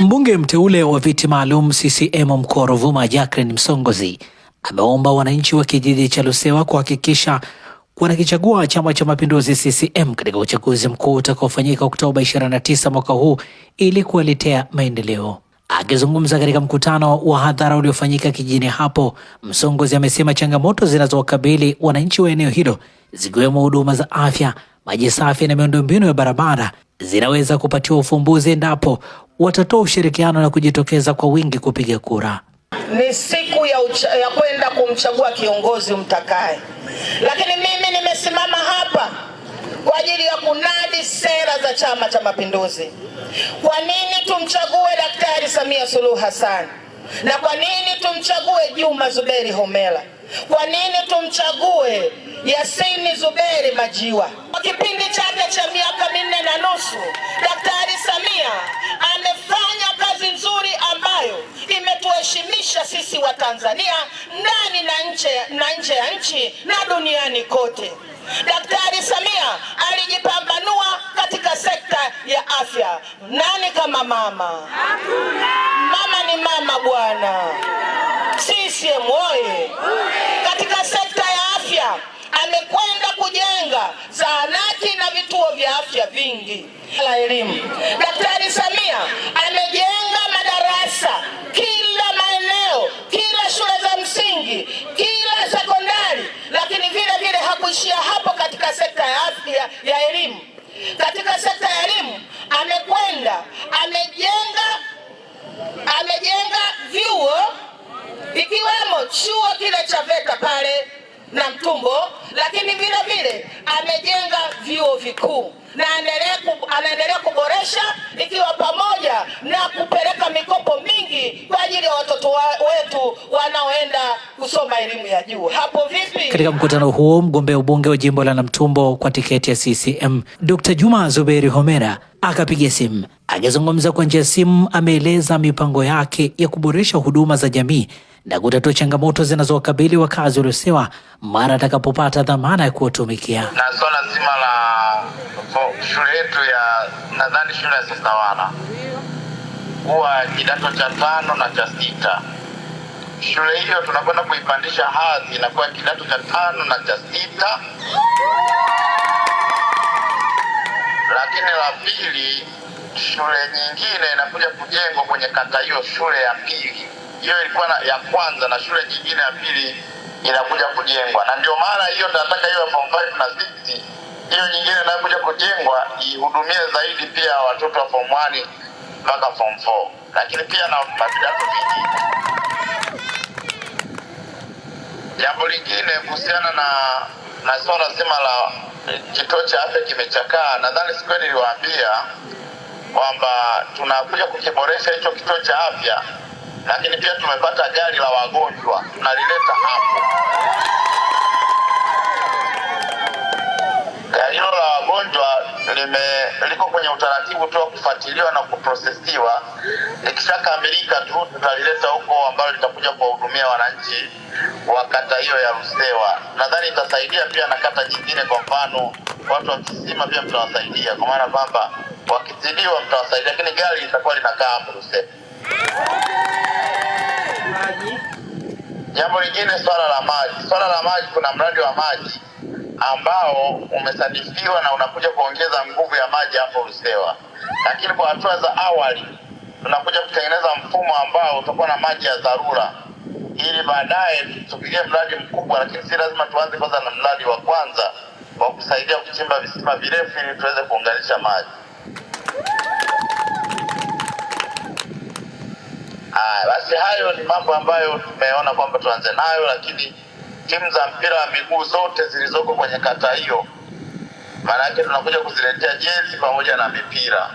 Mbunge mteule wa viti maalum CCM mkoa Ruvuma, Jacqueline Msongozi ameomba wananchi wa kijiji cha Lusewa kuhakikisha wanakichagua Chama cha Mapinduzi CCM katika uchaguzi mkuu utakaofanyika Oktoba 29 mwaka huu ili kuwaletea maendeleo. Akizungumza katika mkutano wa hadhara uliofanyika kijijini hapo, Msongozi amesema changamoto zinazowakabili wananchi wa eneo hilo zikiwemo huduma za afya, maji safi na miundombinu ya barabara zinaweza kupatiwa ufumbuzi endapo watatoa ushirikiano na kujitokeza kwa wingi kupiga kura. Ni siku ya, ya kwenda kumchagua kiongozi mtakaye, lakini mimi nimesimama hapa kwa ajili ya kunadi sera za Chama cha Mapinduzi. Kwa nini tumchague Daktari Samia Suluhu Hassan na kwa nini tumchague Juma Zuberi homela kwa nini tumchague Yasini Zuberi Majiwa? Kwa kipindi chake cha miaka minne na nusu, Daktari Samia amefanya kazi nzuri ambayo imetuheshimisha sisi wa Tanzania ndani na nje, na nje ya nchi na duniani kote. Daktari Samia alijipambanua katika sekta ya afya. Nani kama mama? Mama ni mama bwana. CCM oye! Katika sekta ya afya amekwenda kujenga zahanati na vituo vya afya vingi. La elimu, Daktari Samia amejenga madarasa kila maeneo, kila shule za msingi, kila sekondari. Lakini vile vile hakuishia hapo katika sekta ya afya ya elimu, katika sekta ya elimu amekwenda ame ameimarisha VETA pale na Mtumbo, lakini vile vile amejenga vyuo vikuu na anaendelea kuboresha ikiwa pamoja na kupeleka mikopo mingi kwa ajili ya watoto wa wetu wanaoenda kusoma elimu ya juu. Hapo vipi? Katika mkutano huo mgombea ubunge wa jimbo la Namtumbo kwa tiketi ya CCM Dr. Juma Zuberi Homera akapiga simu. Akizungumza kwa njia ya simu, ameeleza mipango yake ya kuboresha huduma za jamii na kutatua changamoto zinazowakabili wakazi waliosewa mara atakapopata dhamana ya kuwatumikia. Na swala zima la shule yetu ya nadhani shule ya Sesawana kuwa kidato cha tano na cha sita, shule hiyo tunakwenda kuipandisha hadhi inakuwa kidato cha tano na cha sita. Lakini la pili, shule nyingine inakuja kujengwa kwenye kata hiyo, shule ya pili hiyo ilikuwa ya kwanza na shule nyingine ya pili inakuja kujengwa, na ndio maana hiyo tunataka hiyo form 5 na 6 hiyo nyingine inayokuja kujengwa ihudumie zaidi pia watoto wa form 1 mpaka form 4, lakini pia na mavidato vingine. Jambo lingine kuhusiana na na swala zima la kituo cha afya kimechakaa, nadhani siku niliwaambia kwamba tunakuja kukiboresha hicho kituo cha afya lakini pia tumepata gari la wagonjwa tunalileta hapo. Gari hilo la wagonjwa lime liko kwenye utaratibu tu wa kufuatiliwa na kuprosesiwa. Likishakamilika tu tutalileta huko, ambalo litakuja kuwahudumia wananchi wa kata hiyo ya rusewa Nadhani itasaidia pia na kata nyingine, kwa mfano watu wa Kisima pia mtawasaidia, kwa maana kwamba wakitibiwa mtawasaidia, lakini gari litakuwa linakaa hapo Rusewa. Jambo lingine, swala la maji, swala la maji, kuna mradi wa maji ambao umesanifiwa na unakuja kuongeza nguvu ya maji hapo usewa lakini kwa hatua za awali tunakuja kutengeneza mfumo ambao utakuwa na maji ya dharura, ili baadaye tupigie mradi mkubwa, lakini si lazima tuanze kwanza na mradi wa kwanza wa kusaidia kuchimba visima virefu ili tuweze kuunganisha maji. Ah, basi, hayo ni mambo ambayo tumeona kwamba tuanze nayo, lakini timu za mpira wa miguu zote zilizoko kwenye kata hiyo, maana yake tunakuja kuziletea jezi pamoja na mipira,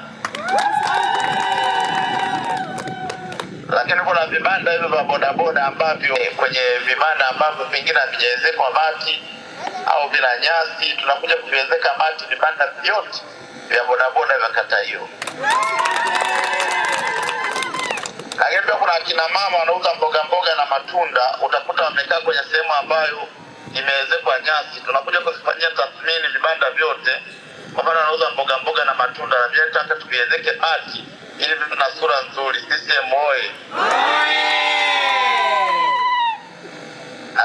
lakini kuna vibanda hivyo vya bodaboda ambavyo eh, kwenye vibanda ambavyo vingine havijaezekwa mati au bila nyasi, tunakuja kuviwezeka mati vibanda vyote vya bodaboda vya kata hiyo. Lakini pia kuna akina mama wanauza mboga mboga na matunda, utakuta wamekaa kwenye sehemu ambayo imeezekwa nyasi. Tunakuja kufanyia tathmini vibanda vyote, kwa maana wanauza mboga mboga na matunda, na pia tunataka tuviwezeke basi ili vitu na sura nzuri. CCM oyee! E!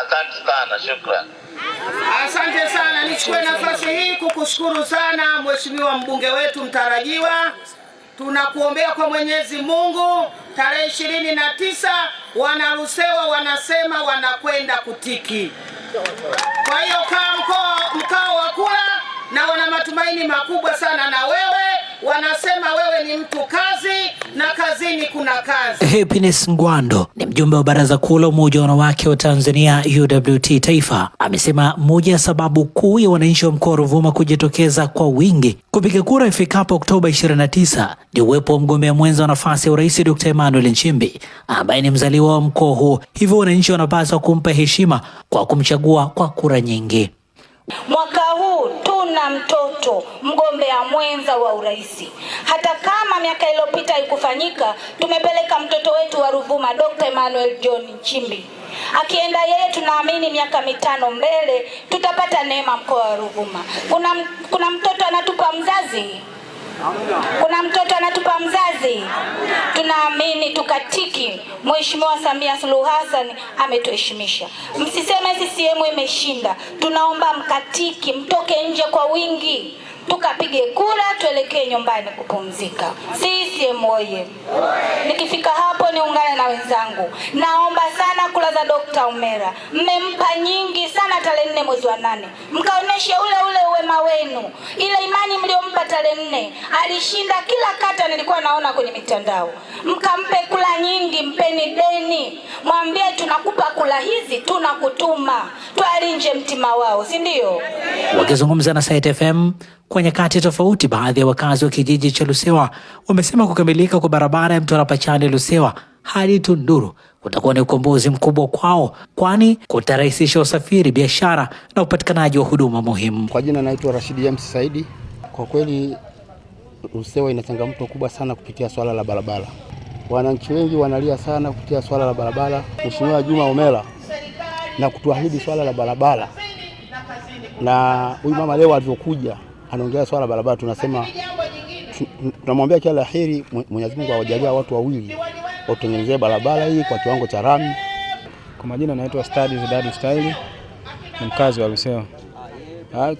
Asante sana, shukrani. Asante sana. Nichukue nafasi hii kukushukuru sana mheshimiwa mbunge wetu mtarajiwa. Tunakuombea kwa Mwenyezi Mungu tarehe ishirini na tisa wanarusewa wanasema wanakwenda kutiki. Kwa hiyo kaa mkoa mkao wa kura, na wana matumaini makubwa sana na wewe, wanasema wewe ni mtu kazi na kazini kuna kazi. Happiness Ngwando ni mjumbe wa Baraza Kuu la Umoja wa Wanawake wa Tanzania UWT Taifa amesema moja ya sababu kuu ya wananchi wa mkoa wa Ruvuma kujitokeza kwa wingi kupiga kura ifikapo Oktoba 29 ni uwepo wa mgombea mwenza wa nafasi ya urais Dr. Emmanuel Nchimbi ambaye ni mzaliwa wa mkoa huo, hivyo wananchi wanapaswa kumpa heshima kwa kumchagua kwa kura nyingi. Mwaka huu tuna mtoto mgombea mwenza wa urais. Hata kama miaka iliyopita haikufanyika, tumepeleka mtoto wetu wa Ruvuma, Dr. Emmanuel John Nchimbi. Akienda yeye, tunaamini miaka mitano mbele tutapata neema mkoa wa Ruvuma. Kuna, kuna mtoto anatupa mzazi kuna mtoto anatupa mzazi. Tunaamini tukatiki. Mheshimiwa Samia Suluhu Hassan ametuheshimisha. Msiseme CCM imeshinda. Tunaomba mkatiki, mtoke nje kwa wingi tukapige kura tuelekee nyumbani kupumzika. CCM oye! Nikifika hapo niungane na wenzangu, naomba sana kura za Dokta Umera, mmempa nyingi sana tarehe nne mwezi wa nane, mkaoneshe ule ule uwema wenu, ile imani mliompa tarehe nne. Alishinda kila kata, nilikuwa naona kwenye mitandao, mkampe kura nyingi, mpeni deni, mwambie tunakupa kura hizi, tunakutuma, twalinje mtima wao, si ndio? Wakizungumza na Site FM kwa nyakati tofauti, baadhi ya wakazi wa kijiji cha Lusewa wamesema kukamilika kwa barabara ya Mtwara Pachali Lusewa hadi Tunduru kutakuwa ni ukombozi mkubwa kwao, kwani kutarahisisha usafiri, biashara na upatikanaji wa huduma muhimu. Kwa jina naitwa rashidi James Saidi. Kwa kweli Lusewa ina changamoto kubwa sana kupitia swala la barabara. Wananchi wengi wanalia sana kupitia swala la barabara. Mheshimiwa Juma Omela na kutuahidi swala la barabara, na huyu mama leo alivyokuja anaongea swala barabara, tunasema tunamwambia kila laheri Mwenyezi Mungu awajalia watu wawili watengenezee barabara hii kwa kiwango cha rami. Kwa majina naitwa Stadi Dadu Style, ni mkazi wa Lusewa.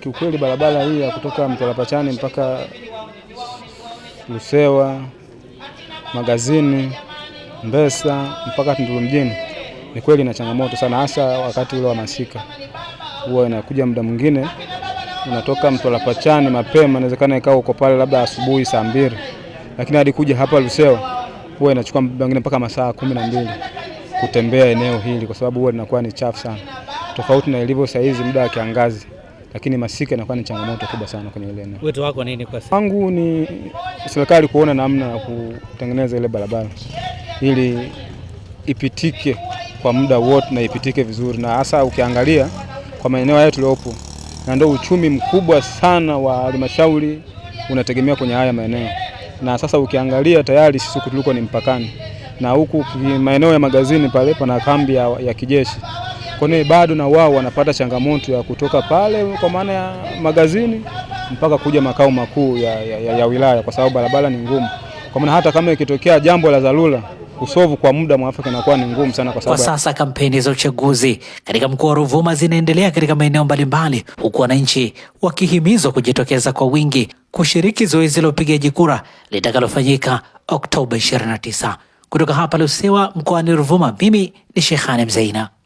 Kiukweli barabara hii ya kutoka Mtwara-Pachani mpaka Lusewa Magazini Mbesa mpaka Tunduru mjini ni kweli na changamoto sana, hasa wakati ule wa masika, huwa inakuja muda mwingine unatoka Mtwara Pachani mapema, inawezekana ikawa uko pale labda asubuhi saa mbili, lakini hadi kuja hapa Lusewa huwa inachukua wengine mpaka masaa kumi na mbili kutembea eneo hili, kwa sababu huwa linakuwa ni chafu sana, tofauti na ilivyo saa hizi muda wa kiangazi, lakini masika inakuwa ni changamoto kubwa sana kwenye ile eneo. Wito wako nini kwa sasa? Wangu ni serikali kuona namna ya kutengeneza ile barabara ili ipitike kwa muda wote na ipitike vizuri, na hasa ukiangalia kwa maeneo haya tuliopo na ndio uchumi mkubwa sana wa halmashauri unategemea kwenye haya maeneo. Na sasa ukiangalia tayari sisi huku tuliko ni mpakani, na huku maeneo ya magazini pale pana kambi ya, ya kijeshi. Kwa hiyo bado na wao wanapata changamoto ya kutoka pale kwa maana ya magazini mpaka kuja makao makuu ya, ya, ya wilaya, kwa sababu barabara ni ngumu. Kwa maana hata kama ikitokea jambo la dharura kusovu kwa muda mwafaka inakuwa ni ngumu sana kwa sababu kwa sasa kampeni za uchaguzi katika mkoa wa Ruvuma zinaendelea katika maeneo mbalimbali, huku wananchi wakihimizwa kujitokeza kwa wingi kushiriki zoezi la upigaji kura litakalofanyika Oktoba 29. Kutoka hapa Lusewa mkoani Ruvuma, mimi ni shehani mzeina